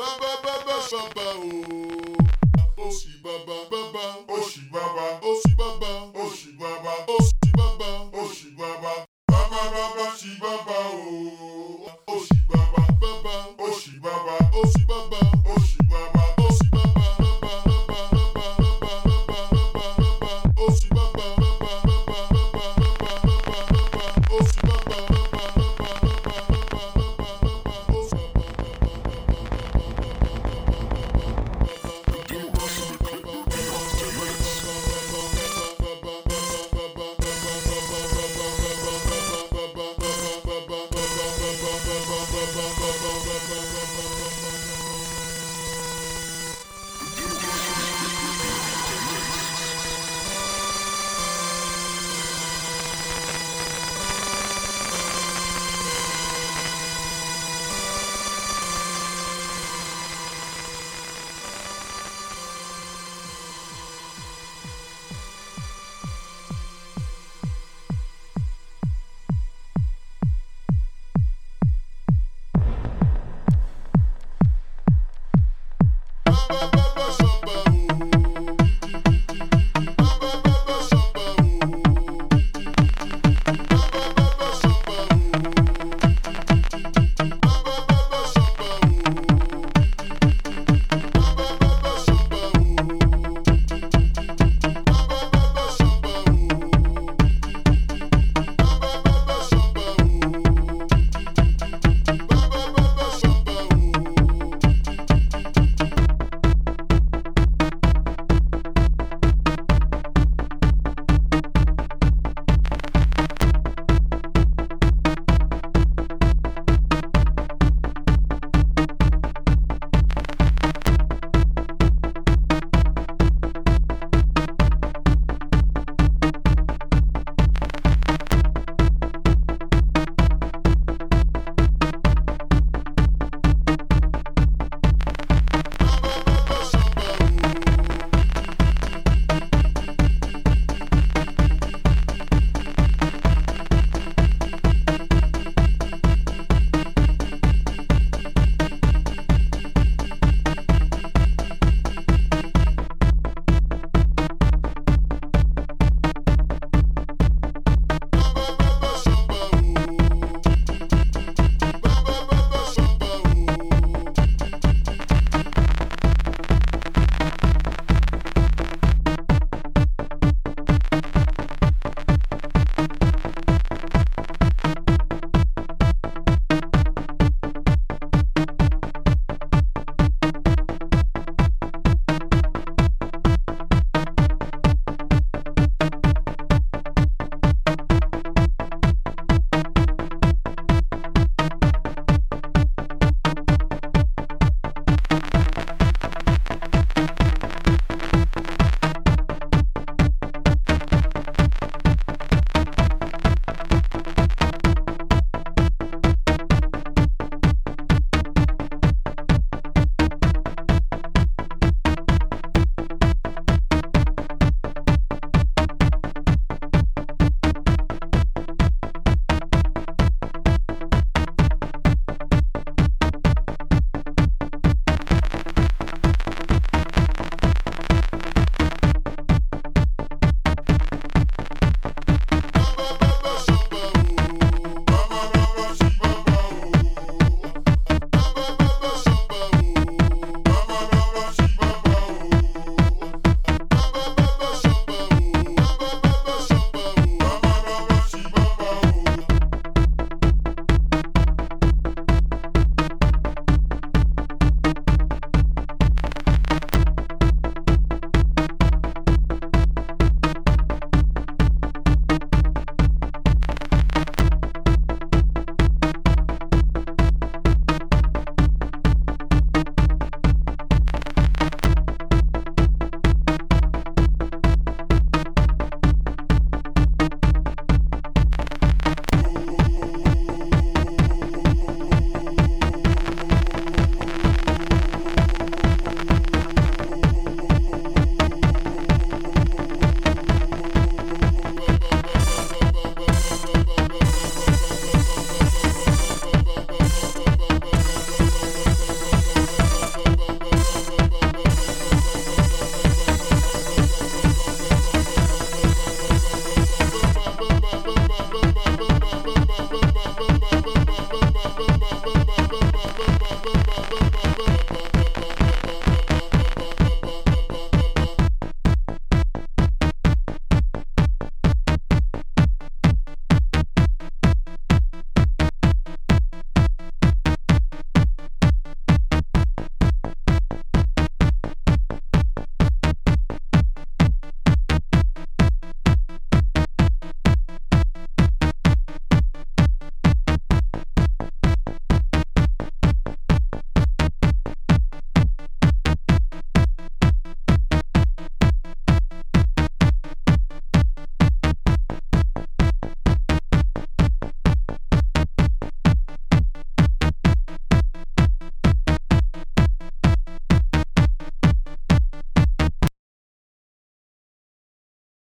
bàbá bàbá sábà o oh. òsì bàbá bàbá òsì bàbá òsì bàbá.